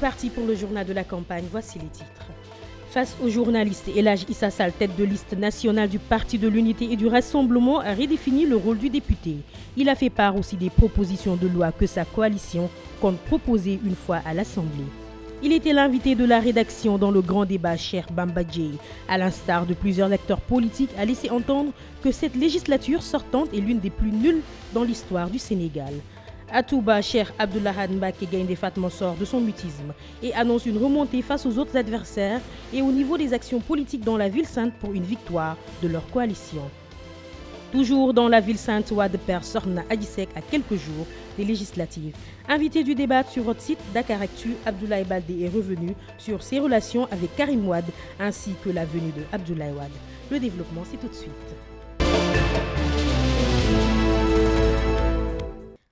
parti pour le journal de la campagne. Voici les titres. Face aux journalistes, Elage Issassal, tête de liste nationale du Parti de l'Unité et du Rassemblement, a redéfini le rôle du député. Il a fait part aussi des propositions de loi que sa coalition compte proposer une fois à l'Assemblée. Il était l'invité de la rédaction dans le grand débat cher Bambadjé. À l'instar de plusieurs acteurs politiques, a laissé entendre que cette législature sortante est l'une des plus nulles dans l'histoire du Sénégal. Atouba Touba, cher Abdullah gagne des Fatma sort de son mutisme et annonce une remontée face aux autres adversaires et au niveau des actions politiques dans la ville sainte pour une victoire de leur coalition. Toujours dans la ville sainte, Ouad perd Sorna Adisek à quelques jours des législatives. Invité du débat sur votre site Dakaractu, Abdoulaye Baldé est revenu sur ses relations avec Karim Ouad ainsi que la venue de Abdoulaye Ouad. Le développement, c'est tout de suite.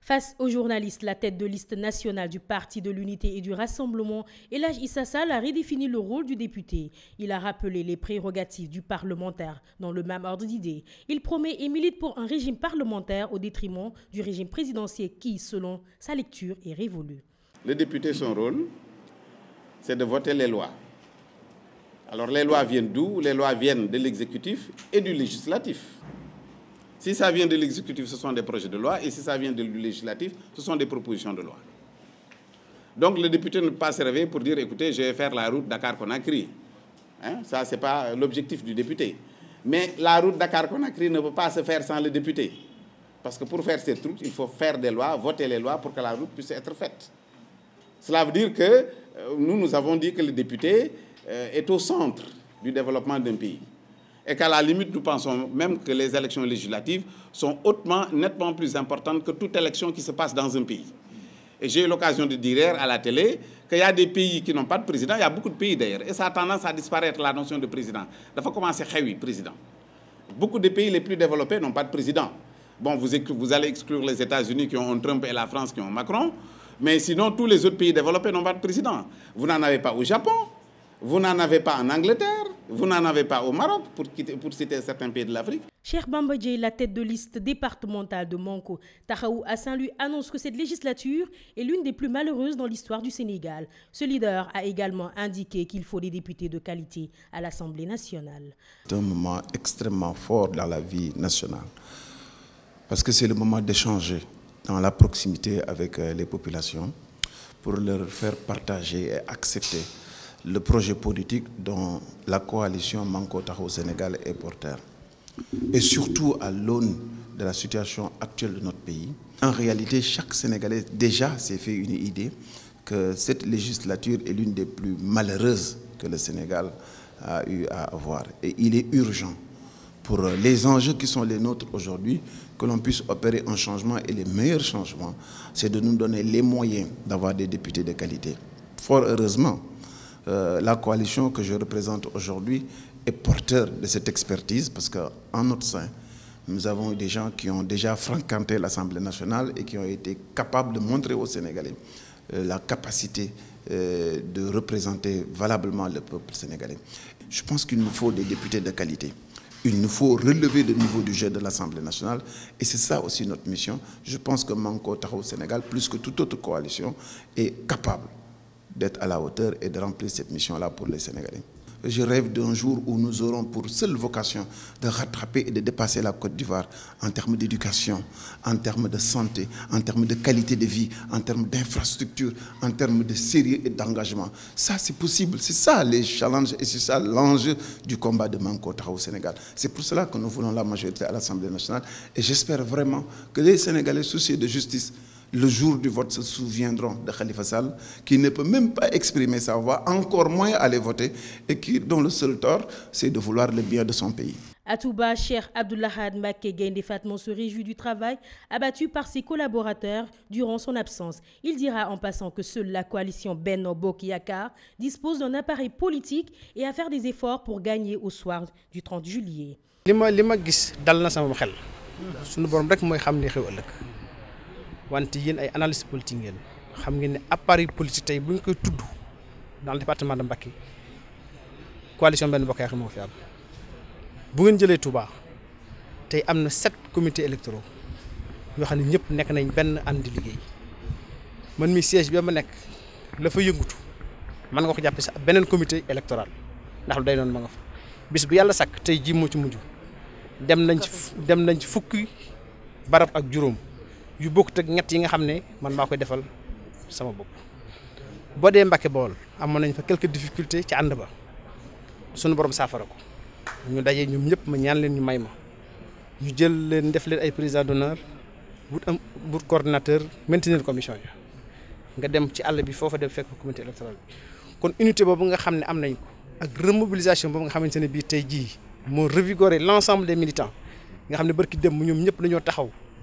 Face aux journalistes, la tête de liste nationale du Parti de l'Unité et du Rassemblement, Elage Issassal a redéfini le rôle du député. Il a rappelé les prérogatives du parlementaire dans le même ordre d'idée. Il promet et milite pour un régime parlementaire au détriment du régime présidentiel qui, selon sa lecture, est révolu. Le député, son rôle, c'est de voter les lois. Alors les lois viennent d'où Les lois viennent de l'exécutif et du législatif. Si ça vient de l'exécutif, ce sont des projets de loi, et si ça vient du législatif, ce sont des propositions de loi. Donc le député ne peut pas se réveiller pour dire, écoutez, je vais faire la route Dakar-Conakry. Hein, ça, ce n'est pas l'objectif du député. Mais la route Dakar-Conakry ne peut pas se faire sans le député. Parce que pour faire cette route, il faut faire des lois, voter les lois pour que la route puisse être faite. Cela veut dire que euh, nous, nous avons dit que le député euh, est au centre du développement d'un pays et qu'à la limite, nous pensons même que les élections législatives sont hautement, nettement plus importantes que toute élection qui se passe dans un pays. Et j'ai eu l'occasion de dire à la télé qu'il y a des pays qui n'ont pas de président, il y a beaucoup de pays d'ailleurs, et ça a tendance à disparaître, la notion de président. Il faut commencer, oui, président. Beaucoup des pays les plus développés n'ont pas de président. Bon, vous, vous allez exclure les États-Unis qui ont Trump et la France qui ont Macron, mais sinon tous les autres pays développés n'ont pas de président. Vous n'en avez pas au Japon, vous n'en avez pas en Angleterre, vous n'en avez pas au Maroc, pour, pour citer certains pays de l'Afrique. Cher Bambadje, la tête de liste départementale de Manco, Tahaou saint lui annonce que cette législature est l'une des plus malheureuses dans l'histoire du Sénégal. Ce leader a également indiqué qu'il faut des députés de qualité à l'Assemblée nationale. C'est un moment extrêmement fort dans la vie nationale, parce que c'est le moment d'échanger dans la proximité avec euh, les populations pour leur faire partager et accepter le projet politique dont la coalition Mankota au Sénégal est porteur. Et surtout à l'aune de la situation actuelle de notre pays, en réalité, chaque Sénégalais déjà s'est fait une idée que cette législature est l'une des plus malheureuses que le Sénégal a eu à avoir. Et il est urgent pour les enjeux qui sont les nôtres aujourd'hui, que l'on puisse opérer un changement. Et le meilleur changement, c'est de nous donner les moyens d'avoir des députés de qualité. Fort heureusement, euh, la coalition que je représente aujourd'hui est porteur de cette expertise parce qu'en notre sein, nous avons eu des gens qui ont déjà fréquenté l'Assemblée nationale et qui ont été capables de montrer aux Sénégalais euh, la capacité euh, de représenter valablement le peuple sénégalais. Je pense qu'il nous faut des députés de qualité. Il nous faut relever le niveau du jeu de l'Assemblée nationale et c'est ça aussi notre mission. Je pense que Manco au Sénégal, plus que toute autre coalition, est capable d'être à la hauteur et de remplir cette mission-là pour les Sénégalais. Je rêve d'un jour où nous aurons pour seule vocation de rattraper et de dépasser la Côte d'Ivoire en termes d'éducation, en termes de santé, en termes de qualité de vie, en termes d'infrastructure, en termes de sérieux et d'engagement. Ça, c'est possible. C'est ça les challenges et c'est ça l'enjeu du combat de Mankotra au Sénégal. C'est pour cela que nous voulons la majorité à l'Assemblée nationale et j'espère vraiment que les Sénégalais soucieux de justice le jour du vote, se souviendront de Khalifa Sall, qui ne peut même pas exprimer sa voix, encore moins aller voter, et qui, dont le seul tort, c'est de vouloir le bien de son pays. À Touba, cher Abdullahad Makegendi Fatmon se réjouit du travail abattu par ses collaborateurs durant son absence. Il dira en passant que seule la coalition Benno Bokiyakar dispose d'un appareil politique et à faire des efforts pour gagner au soir du 30 juillet. Ce que je vois, wante yéen ay analyste politique ngeen xam ngeen ne appareil politique tey bu ñu koy tudd dans le département de Mbacké coalition benn bokk fi am bu ngeen jëlee Touba tey am na sept comités électoraux yoo xam ne ñëpp nañ benn ànd di liggéey man mi siège bi ma nekk la fa yëngutu man nga ko jàppe sa beneen comité électoral ndax lu day noonu ma nga fa bis bu ci dem nañ ci dem nañ ci fukki barab ak juróom yu bokk teg ñett yi nga xam ne man maa koy defal sama bopp boo dee Mbàkke am amoon nañ fa quelques difficultés ci ànd ba sunu borom saafara ko ñu dajee ñoom ñëpp ma ñaan leen ñu may ma ñu jël leen def leen ay président d'honneur wut am wut coordinateur maintenir commission yi nga dem ci àll bi foofu dem fekk comité électoral bi kon unité boobu nga xam ne am nañ ko ak remobilisation boobu nga xamante ne bii tey jii moo revigorer l'ensemble des militants nga xam ne barki dem ñoom ñëpp dañoo taxaw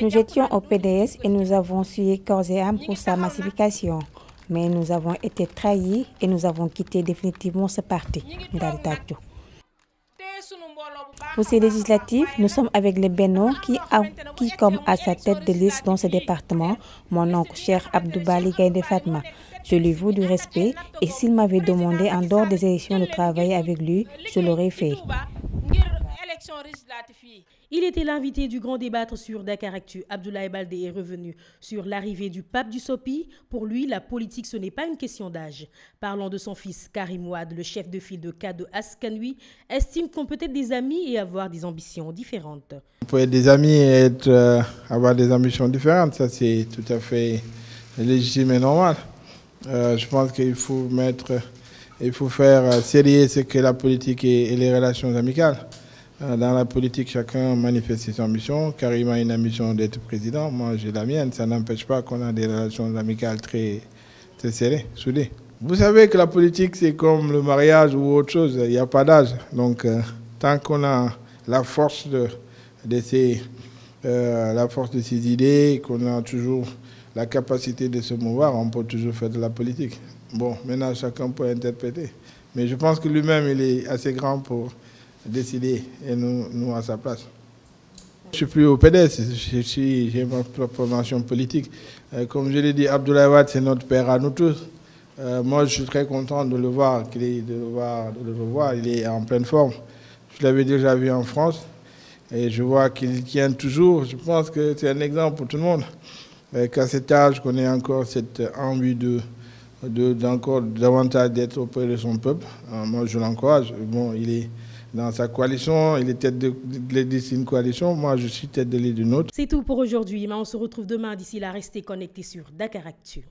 Nous étions au PDS et nous avons suivi corps et âme pour sa massification. Mais nous avons été trahis et nous avons quitté définitivement ce parti, Pour ces législatives, nous sommes avec les Bénin qui, a, qui comme à sa tête de liste dans ce département, mon oncle cher Abdoubali Gaïde Fatma. Je lui voue du respect et s'il m'avait demandé en dehors des élections de travailler avec lui, je l'aurais fait. Il était l'invité du grand débattre sur Dakaractu. Actu. Abdoulaye Baldé est revenu sur l'arrivée du pape du Sopi. Pour lui, la politique, ce n'est pas une question d'âge. Parlant de son fils Karim Ouad, le chef de file de cas de Askanui, estime qu'on peut être des amis et avoir des ambitions différentes. On peut être des amis et euh, avoir des ambitions différentes. Ça, c'est tout à fait légitime et normal. Euh, je pense qu'il faut mettre, il faut faire sérieux ce que la politique et les relations amicales. Euh, dans la politique, chacun manifeste ses ambitions. Karim a une ambition d'être président, moi j'ai la mienne. Ça n'empêche pas qu'on a des relations amicales très, très serrées, soudées. Vous savez que la politique, c'est comme le mariage ou autre chose, il n'y a pas d'âge. Donc, euh, tant qu'on a la force de, euh, la force de ses idées, qu'on a toujours la capacité de se mouvoir, on peut toujours faire de la politique. Bon, maintenant, chacun peut interpréter. Mais je pense que lui-même, il est assez grand pour décider et nous, nous à sa place. Je suis plus au PDS, suis, j'ai ma propre mention politique. Euh, comme je l'ai dit, Abdoulaye Wade, c'est notre père à nous tous. Euh, moi, je suis très content de le voir, de le voir, de le revoir. Il est en pleine forme. Je l'avais déjà vu en France et je vois qu'il tient toujours. Je pense que c'est un exemple pour tout le monde. Euh, qu'à cet âge, qu'on ait encore cette envie de, d'encore davantage d'être auprès de son peuple. moi, je l'encourage. Bon, il est dans sa coalition, il est tête de, de, coalition, moi je suis tête de l'édition d'une C'est tout pour aujourd'hui, mais on se retrouve demain. D'ici là, restez connectés sur Dakar Actu.